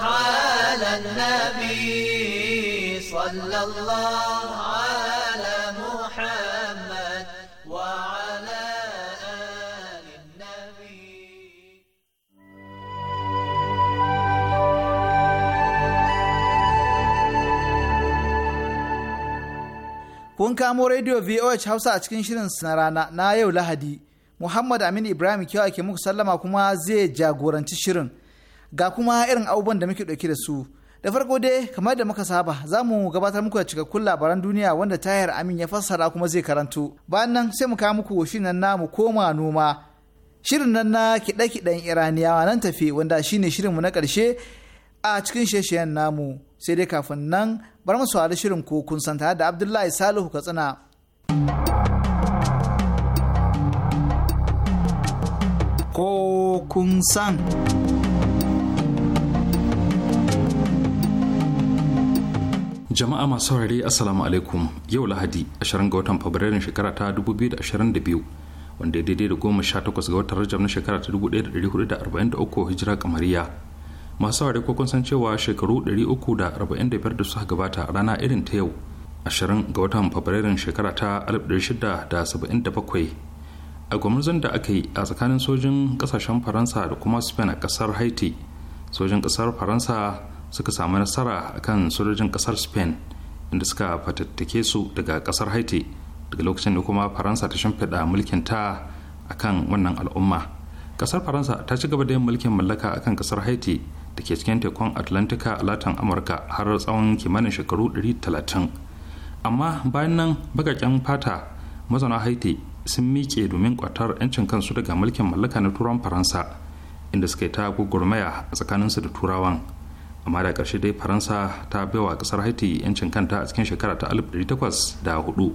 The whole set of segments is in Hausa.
على النبي Kun kamo rediyo VOH Hausa a cikin shirin na rana na yau Lahadi. Muhammad Aminu Ibrahim kyau ake muku sallama kuma zai jagoranci shirin. ga kuma irin abubuwan da muke ɗauke da su da farko dai kamar da muka saba za mu gabatar muku da cikakkun labaran duniya wanda tayar amin ya fassara kuma zai karanto bayan nan sai mu kawo muku shirin nan namu koma noma shirin nan na kiɗe-kiɗen iraniyawa nan tafi wanda shine shirinmu na ƙarshe a cikin sheshiyan namu sai dai kafin nan bar mu saurari shirin ko kun san tare da abdullahi salihu katsina ko kun san Jama'a masu saurare Assalamu alaikum yau Lahadi 20 ga watan Fabrairun shekara ta 2022 wanda ya daidai da 18 ga watan Rajab na shekara ta 1443 hijira kamariya. Masu saurare ko kun san cewa shekaru 345 da suka gabata rana irin ta yau 20 ga watan Fabrairun shekara ta 1677 a gwamnatin da aka yi a tsakanin sojin kasashen Faransa da kuma Spain a kasar Haiti sojin kasar Faransa suka samu nasara kan sojojin kasar spain inda suka fatattake su daga kasar haiti daga lokacin da kuma faransa ta shimfiɗa mulkin ta akan wannan al'umma kasar faransa ta ci gaba da yin mulkin mallaka akan kasar haiti da ke cikin tekun atlantika a latin amurka har tsawon kimanin shekaru 130 amma bayan nan ƙyan fata mazauna haiti sun miƙe domin kwatar 'yancin kansu daga mulkin mallaka na turan faransa inda suka yi ta gugurmaya a tsakaninsu da turawan amma da ƙarshe dai faransa ta baiwa ƙasar haiti 'yancin kanta a cikin shekara ta 1804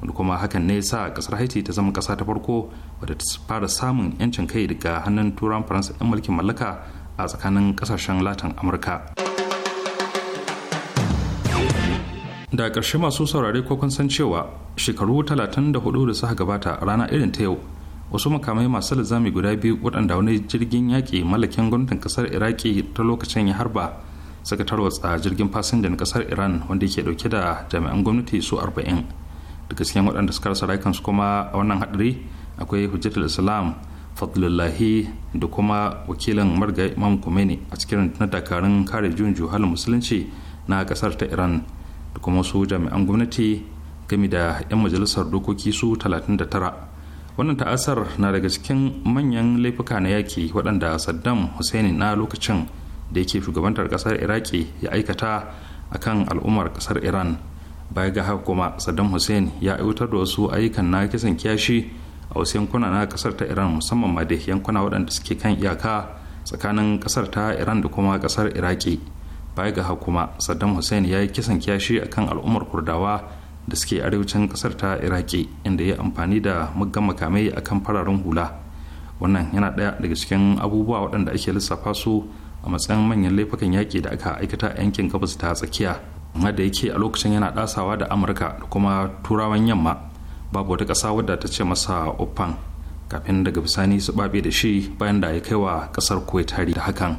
wanda kuma hakan ne sa ƙasar haiti ta zama ƙasa ta farko wadda ta fara samun 'yancin kai daga hannun turan faransa 'yan mulkin mallaka a tsakanin ƙasashen latin amurka da ƙarshe masu saurare ko kun san cewa shekaru 34 da suka gabata rana irin ta yau wasu makamai masu lazami guda biyu waɗanda wani jirgin yaƙi mallakin gwamnatin ƙasar iraki ta lokacin ya harba suka tarwatsa jirgin fasinjan ƙasar iran wanda ke ɗauke da jami'an gwamnati su arba'in daga cikin waɗanda suka rasa su kuma a wannan haɗari akwai hujjatul islam fadlullahi da kuma wakilan marga imam kumeni a cikin na dakarun kare juyin juhalin musulunci na ƙasar ta iran da kuma wasu jami'an gwamnati game da 'yan majalisar dokoki su 39 wannan ta'asar na daga cikin manyan laifuka na yaki waɗanda saddam hussein na lokacin da yake shugabantar ƙasar iraki ya aikata a kan al'ummar ƙasar iran baya ga haka kuma saddam hussein ya aiwatar da wasu ayyukan na kisan kiyashi a wasu yankuna na ƙasar ta iran musamman ma da yankuna waɗanda suke kan iyaka tsakanin ƙasar ta iran da kuma ƙasar iraki baya ga haka kuma saddam hussein ya yi kisan kiyashi kan al'ummar kurdawa da suke arewacin kasar ta iraki inda ya amfani da muggan makamai akan fararen hula wannan yana ɗaya daga cikin abubuwa waɗanda ake lissafa su a matsayin manyan laifukan yaƙi da aka aikata a yankin gabas ta tsakiya amma da yake a lokacin yana ɗasawa da amurka da kuma turawan yamma babu wata ƙasa wadda ta ce masa opan kafin daga bisani su babe da shi bayan da ya kai wa ƙasar kuwait hari da hakan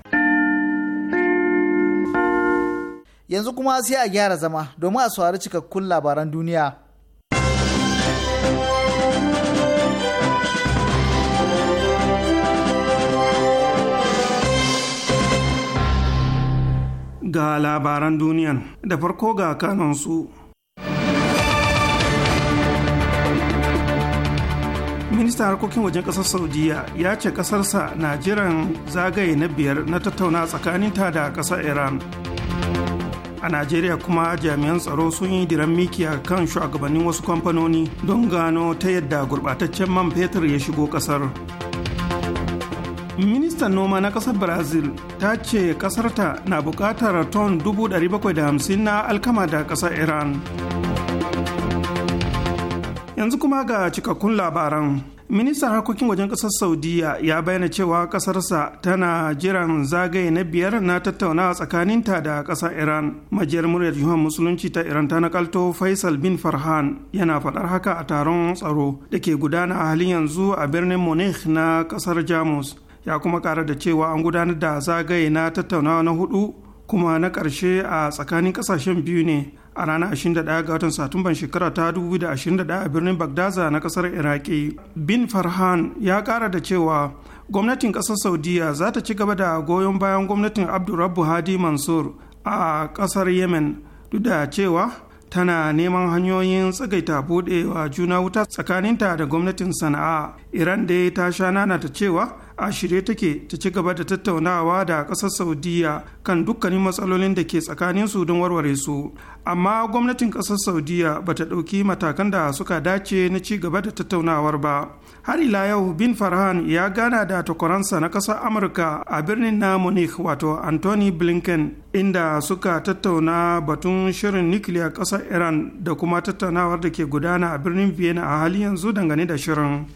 yanzu kuma sai a gyara zama domin a saurari cikakkun labaran duniya. Ga labaran duniyan da farko ga kanansu. ministan harkokin wajen ƙasar saudiya ya ce ƙasarsa na jiran zagaye na biyar na tattauna tsakaninta da ƙasar iran a najeriya kuma jami'an tsaro sun yi diran mikiya kan shugabannin wasu kamfanoni don gano ta yadda gurbataccen man fetur ya shigo kasar ministan noma na kasar brazil ta ce kasarta na bukatar ton 750 na alkama da kasar iran yanzu kuma ga cikakkun labaran ministan harkokin wajen kasar saudiyya ya bayyana cewa kasarsa tana jiran zagaye na biyar na tattaunawa tsakanin ta da kasar iran majiyar muryar yuhan musulunci ta iran ta nakalto faisal bin farhan yana faɗar haka a taron tsaro da ke gudana a halin yanzu a birnin munich na kasar jamus ya kuma ƙara da cewa an gudanar da zagaye na tattaunawa na hudu kuma na ƙarshe a tsakanin ƙasashen biyu ne a ranar 21 ga watan satumban shekara ta 2021 a birnin bagdaza na kasar iraki bin farhan ya kara da cewa gwamnatin kasar saudiya za ta ci gaba da goyon bayan gwamnatin abdurrabbu hadi mansur a kasar yemen duk da cewa tana neman hanyoyin tsagaita buɗewa juna wuta tsakaninta da gwamnatin sana'a iran dai ta sha nana ta cewa a shirye take ta ci gaba da tattaunawa da ƙasar saudiya kan dukkanin matsalolin da ke tsakanin su don warware su amma gwamnatin ƙasar saudiya ba ta ɗauki matakan da suka dace na ci gaba da tattaunawar ba har ila yau bin farhan ya gana da takwaransa na ƙasar amurka a birnin na munich wato anthony blinken inda suka tattauna batun shirin nukiliya ƙasar iran da kuma tattaunawar da ke gudana a birnin vienna a hali yanzu dangane da shirin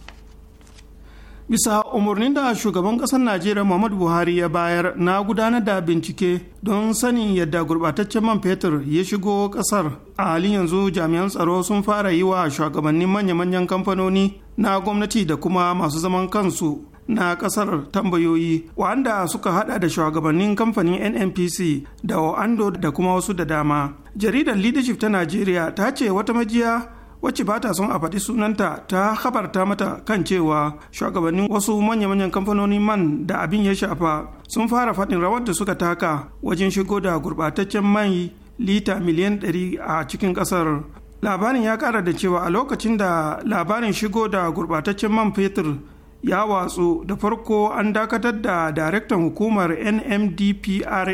bisa umarnin da shugaban ƙasar najeriya muhammadu buhari ya bayar na gudanar da bincike don sanin yadda gurbataccen man fetur ya shigo ƙasar a halin yanzu jami'an tsaro sun fara yi wa shugabannin manya-manyan kamfanoni na gwamnati da kuma masu zaman kansu na kasar tambayoyi wanda suka hada da shugabannin kamfanin nnpc da oando da kuma wasu da dama jaridar leadership ta najeriya ta ce wata majiya wacce ba ta son a faɗi sunanta ta habarta mata kan cewa shugabannin wasu manya-manyan kamfanonin man da abin ya shafa sun fara faɗin rawar da suka taka wajen shigo da gurɓataccen mai lita miliyan 100 a cikin ƙasar labarin ya ƙara da cewa a lokacin da labarin shigo da gurɓataccen man fetur ya watsu da farko an dakatar da daraktan hukumar nmdpra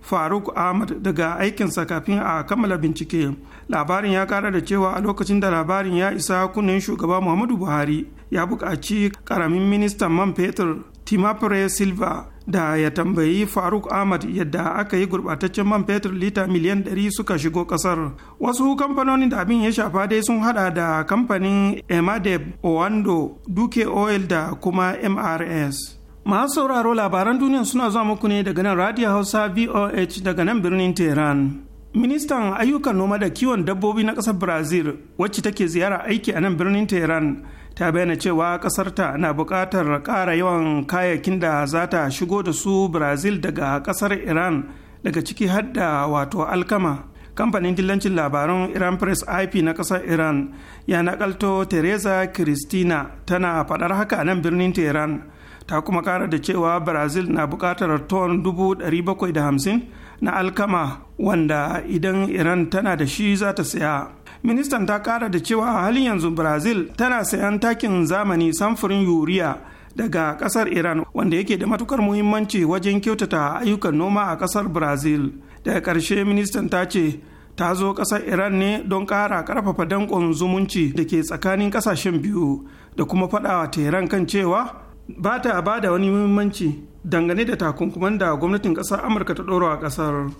faruk ahmad daga aikinsa kafin a kammala bincike labarin ya kara da cewa a lokacin da labarin ya isa kunnen shugaba muhammadu buhari ya buƙaci karamin ministan man fetur timapre silva da ya tambayi faruk ahmad yadda aka yi gurbataccen man fetur lita miliyan 100 suka shigo kasar wasu kamfanonin da abin ya shafa dai sun hada da kamfanin emadeb owando duke oil da kuma mrs masu sauraro labaran duniya suna zuwa muku ne daga nan radio hausa voh daga nan birnin tehran ministan ayyukan noma da kiwon dabbobi na ƙasar brazil wacce take ziyara aiki a nan birnin tehran ta bayyana cewa ƙasarta na buƙatar ƙara yawan kayayyakin da za ta shigo da su brazil daga ƙasar iran daga ciki hadda wato alkama kamfanin dillancin labarun iran press ip na ƙasar iran ya nakalto teresa cristina tana faɗar haka a nan birnin tehran ta kuma ƙara da cewa brazil na buƙatar ton 750 na alkama wanda idan iran tana da shi za ta saya ministan ta kara da cewa a halin yanzu brazil tana sayan takin zamani samfurin yuriya daga kasar iran wanda yake da matukar muhimmanci wajen kyautata ayyukan noma a kasar brazil daga karshe ministan ta ce ta zo kasar iran ne don kara karfafa danƙon zumunci da ke tsakanin ƙasashen biyu da kuma faɗawa teran kan cewa ba ta ba wani muhimmanci dangane da takunkuman da gwamnatin ƙasar amurka ta ɗora a ƙasar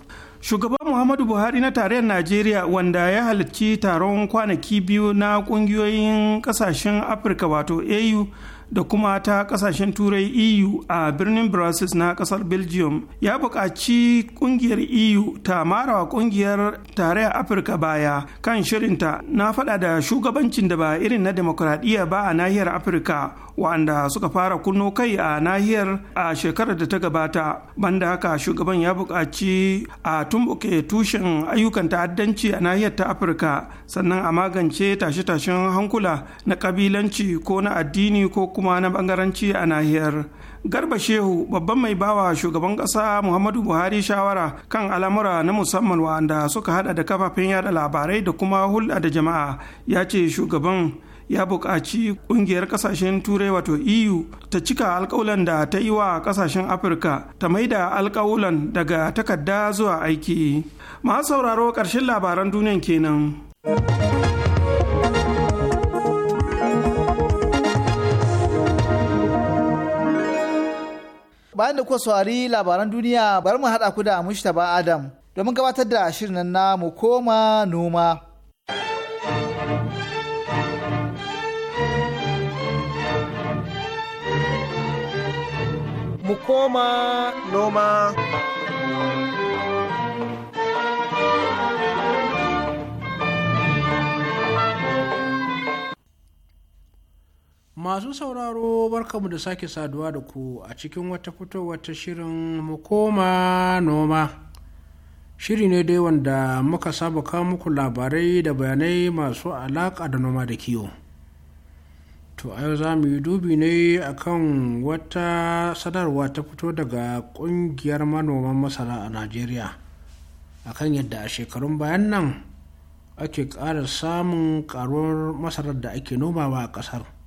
shugaba muhammadu buhari na tarayyar najeriya wanda ya halarci taron kwanaki biyu na ƙungiyoyin ƙasashen afirka wato au da kuma ta kasashen turai eu a birnin brussels na kasar belgium ya buƙaci ƙungiyar eu ta mara marawa ƙungiyar tarayyar afirka baya kan shirinta na fada da shugabancin da ba irin na demokuraɗiyya ba a nahiyar afirka wa'anda suka fara kunno kai a nahiyar a shekarar da ta gabata banda haka shugaban ya bukaci a tumbuke tushen ayyukan ta'addanci a nahiyar ta afirka sannan a magance tashe-tashen hankula na ƙabilanci ko na addini ko kuma na bangaranci a nahiyar garba shehu babban mai bawa shugaban kasa muhammadu buhari shawara kan al'amura na musamman wanda suka hada da kafafen yada labarai da kuma hulɗa da jama'a ya ce shugaban ya buƙaci ƙungiyar ƙasashen turai wato eu ta cika alƙawulan da ta yi wa ƙasashen afirka ta maida alƙawulan daga takarda zuwa aiki masu sauraro ƙarshen labaran duniyan kenan. bayan da kuka saurari labaran duniya bari mu haɗa ku da Mushtaba Adam domin gabatar da shirin na mu koma noma. Mu koma noma. masu sauraro barkamu da sake saduwa da ku a cikin wata fitowar ta shirin koma noma shiri ne dai wanda muka saba kawo muku labarai da bayanai masu alaƙa da noma da kiwo to a yau za mu yi dubi ne akan wata sadarwa ta fito daga ƙungiyar manoman masara a najeriya akan yadda a shekarun bayan nan ake ƙara samun ƙaruwar masarar da ake nomawa a ƙasar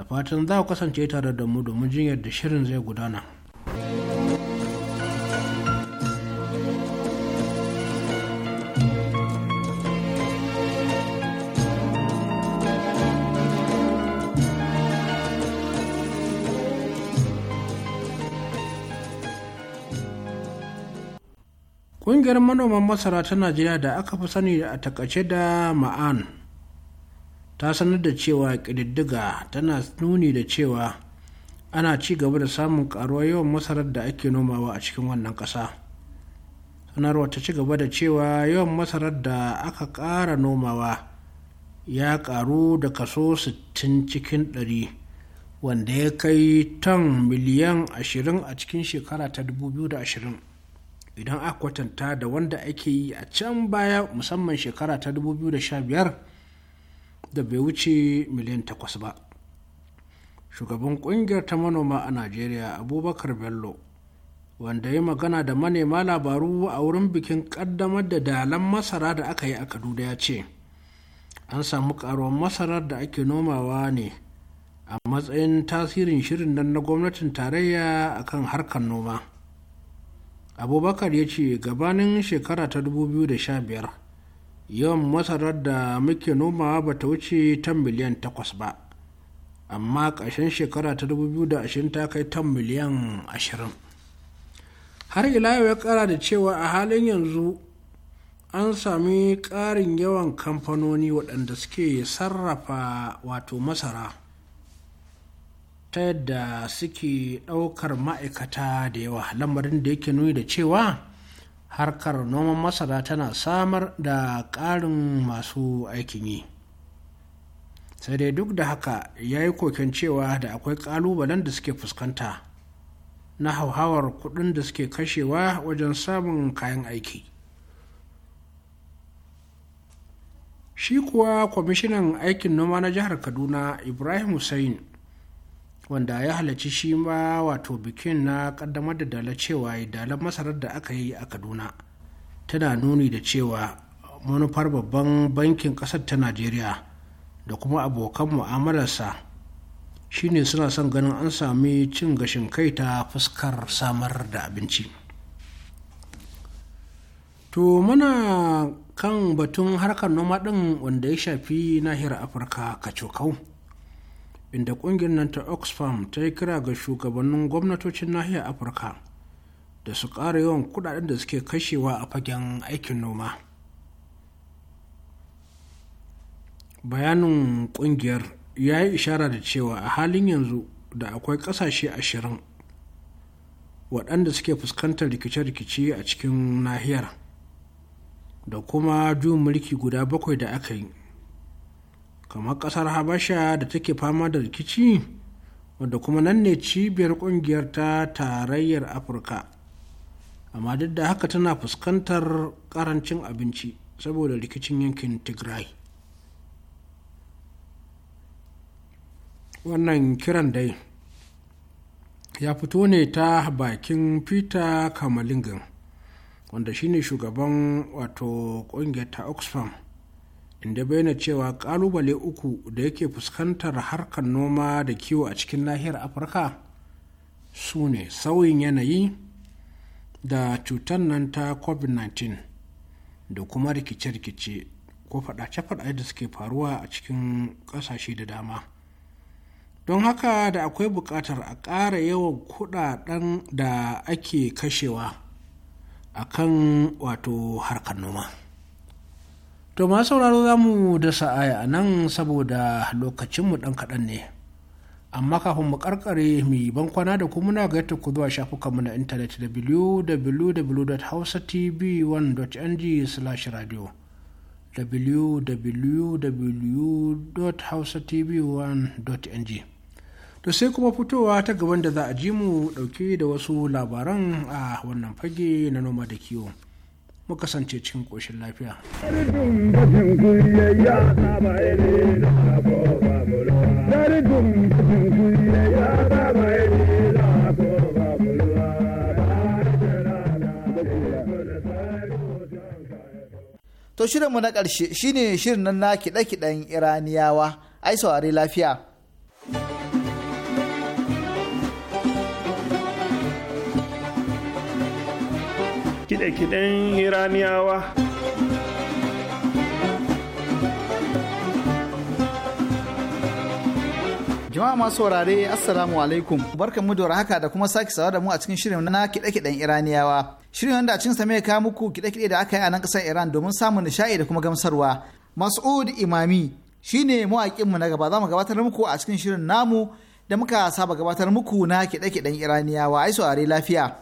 da fatan za ku kasance tare da mu domin jin yadda shirin zai gudana. Ƙungiyar manoman masara ta Najeriya da aka fi sani a takace da ma'an ta sanar da cewa ƙididdiga tana nuni da cewa ana ci gaba da samun karuwa yawan masarar da ake nomawa a cikin wannan ƙasa sanarwar ta ci gaba da cewa yawan masarar da aka ƙara nomawa ya ƙaru da kaso 60 cikin 100 wanda ya kai ton miliyan 20 a cikin shekara ta 2020 idan aka kwatanta da wanda ake yi a can baya musamman shekara ta 2015 da bai wuce miliyan takwas ba shugaban kungiyar ta manoma a najeriya abubakar bello wanda ya magana da manema labaru a wurin bikin kaddamar da dalan masara da aka yi a kaduna ya ce an samu karuwar masarar da ake nomawa ne a matsayin tasirin shirin nan na gwamnatin tarayya a kan harkar noma abubakar ya ce gabanin shekara ta 2015 yawan masarar da muke nomawa ba ta wuce tan miliyan takwas ba amma ƙarshen shekara ta dubu biyu 2020 ta kai tan miliyan ashirin har ila ya kara da cewa a halin yanzu an sami ƙarin yawan kamfanoni waɗanda suke sarrafa wato masara ta yadda suke ɗaukar ma'aikata da yawa lamarin da yake nuni da cewa harkar noman masara tana samar da ƙarin masu aikin yi sai dai duk da haka ya yi koken cewa da akwai ƙalubalen da suke fuskanta na hauhawar kuɗin da suke kashewa wajen samun kayan aiki shi kuwa kwamishinan aikin noma na jihar kaduna ibrahim hussein wanda ya halarci shi ma wato bikin na kaddamar da dala cewa dalar masarar da aka yi a kaduna tana nuni da cewa manufar babban bankin kasar ta najeriya da kuma abokan mu'amalarsa shine suna son ganin an sami cin gashin kai ta fuskar samar da abinci to muna kan batun harkar noma ɗin wanda ya shafi nahiyar afirka kacokau inda ƙungiyar nan ta oxfam ta yi kira ga shugabannin gwamnatocin nahiyar afirka da su ƙara yawan kudaden da suke kashewa a fagen aikin noma bayanin ƙungiyar ya yi ishara da cewa a halin yanzu da akwai ƙasashe ashirin waɗanda suke fuskantar rikice-rikice a cikin nahiyar da kuma juyin mulki guda bakwai da aka yi kamar kasar habasha da take fama da rikici wadda kuma nan ne cibiyar kungiyar ta tarayyar afirka amma duk da haka tana fuskantar karancin abinci saboda rikicin yankin tigray wannan kiran dai ya fito ne ta bakin peter kamalingan wanda shine shugaban wato kungiyar ta oxfam inda bayyana cewa kalubale uku da yake fuskantar harkar noma da kiwo a cikin nahiyar afirka su ne sauyin yanayi da cutar nan ta covid-19 da kuma rikice-rikice ko faɗace-faɗace da suke faruwa a cikin ƙasashe da dama don haka da akwai buƙatar a ƙara yawan kuɗaɗen da ake kashewa akan wato harkar noma. To ma sauraro za mu da sa'aya nan saboda lokacinmu ɗan kaɗan ne. Amma kafin mu karkare mu yi bankwana da kuma na gaita ku zuwa shafukanmu na intanet www.hausatv1.ng/radio www.hausatv1.ng To sai kuma fitowa ta gaban da za a ji mu ɗauke da wasu labaran a wannan fage na noma da kiwo. mu kasance cikin koshin lafiya. To shirinmu na ƙarshe shine shirin nan na kiɗe-kiɗen Iraniyawa, ai saurari lafiya. kide-kiden iraniyawa jama'a masu wurare, assalamu alaikum barkan mu da haka da kuma sake sawa da mu a cikin shirin na kiɗe-kiɗen iraniyawa shirin wanda cin sa mai kawo muku kiɗe-kiɗe da aka yi a nan kasar iran domin samun nishaɗi da kuma gamsarwa mas'ud imami shine mawaƙin mu na gaba za mu gabatar muku a cikin shirin namu da muka saba gabatar muku na kiɗe-kiɗen iraniyawa ai saurare lafiya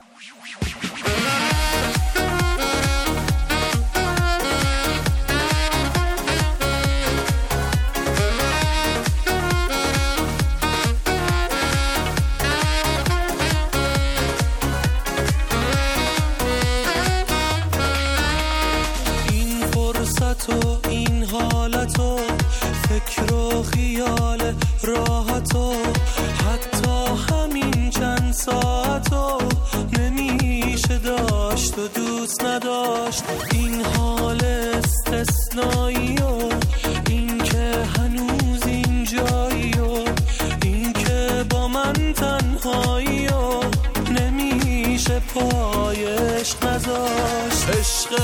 وسط این حالت و فکر و خیال راحت و حتی همین چند ساعت و نمیشه داشت و دوست نداشت این حال استثنایی و این که هنوز اینجایی و این که با من تنهایی و نمیشه پایش نذاشت عشق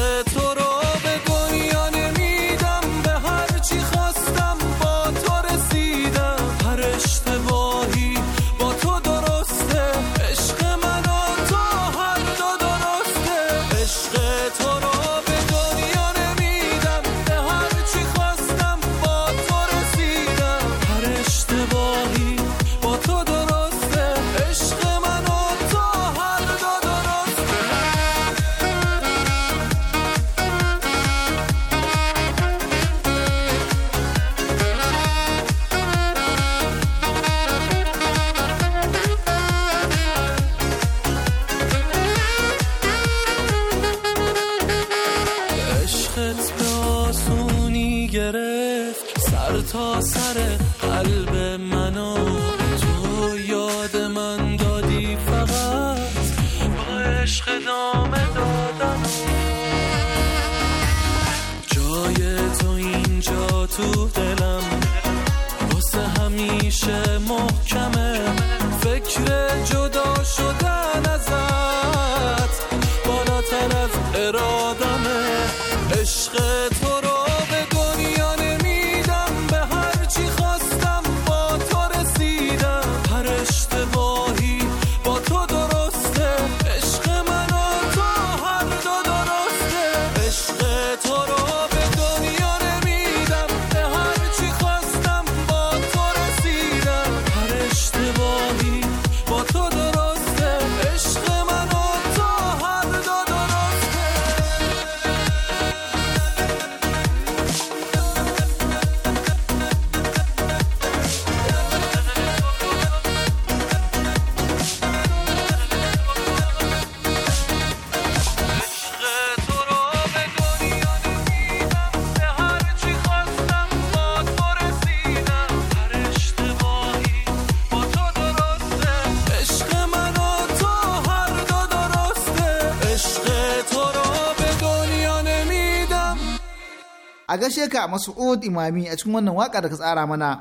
a gaishe ka Mas'ud Imami a cikin wannan waka da ka tsara mana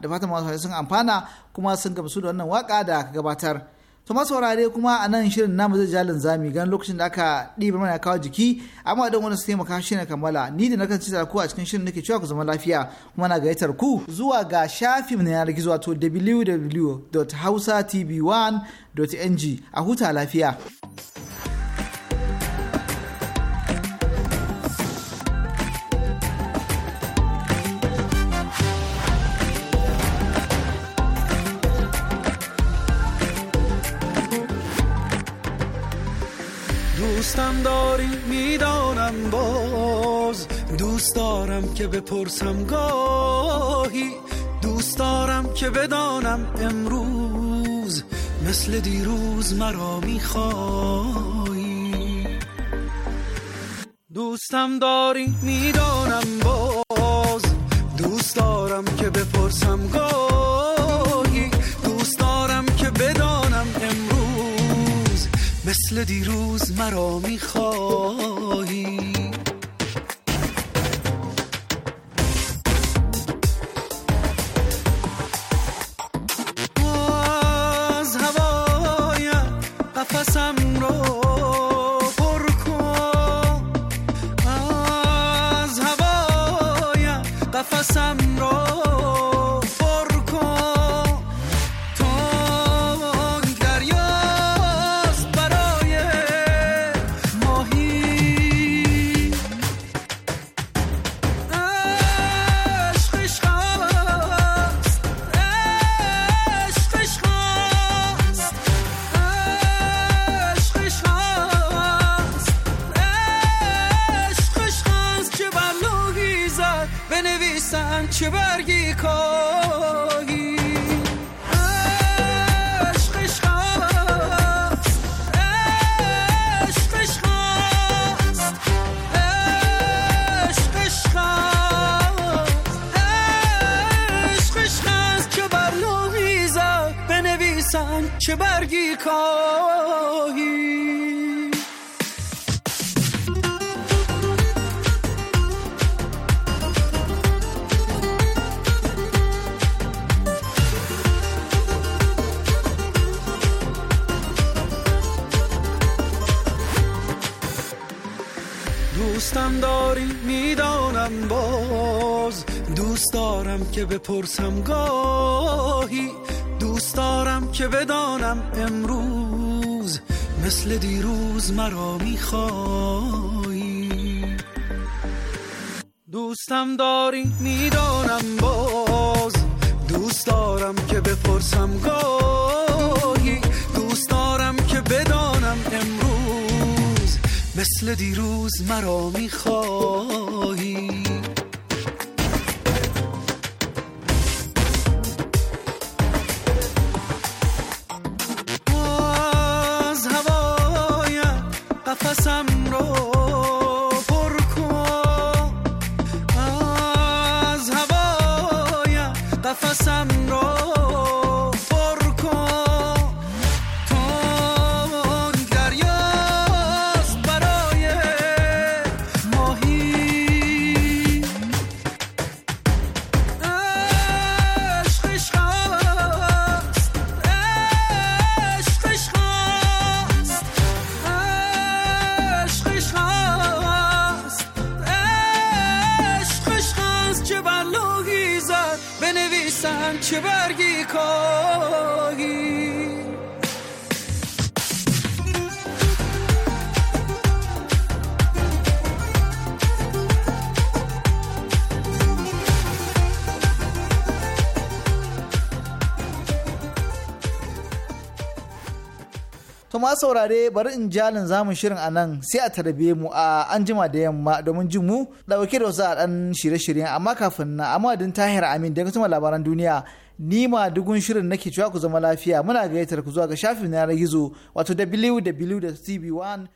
da fatan masu sun amfana kuma sun gamsu da wannan waka da ka gabatar to masu saurare kuma a nan shirin namu zai jalin zami gan lokacin da aka ɗiba mana kawo jiki amma don wani su taimaka shi na kammala ni da nakan ci ku a cikin shirin nake cewa ku zama lafiya kuma na gayyatar ku zuwa ga shafin na yanar gizo wato www.hausatv1.ng a huta lafiya. دوستم داری میدانم باز دوست دارم که بپرسم گاهی دوست دارم که بدانم امروز مثل دیروز مرا میخوای دوستم داری میدانم روز مرا میخواهی بنویسن چه برگی کاهی چه برگی کار که بپرسم گاهی دوست دارم که بدانم امروز مثل دیروز مرا میخوای دوستم داری میدانم باز دوست دارم که بپرسم گاهی دوست دارم که بدانم امروز مثل دیروز مرا میخوای saurare bari in jalin zamun shirin a nan sai a tarbe mu a anjima da yamma domin jin mu dauke da wasu a dan shirye-shiryen amma kafin na amadin tahir amin da kuma labaran duniya ni ma dugun shirin nake cewa ku zama lafiya muna gayyatar ku zuwa ga shafin na gizo wato www.tv1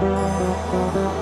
Música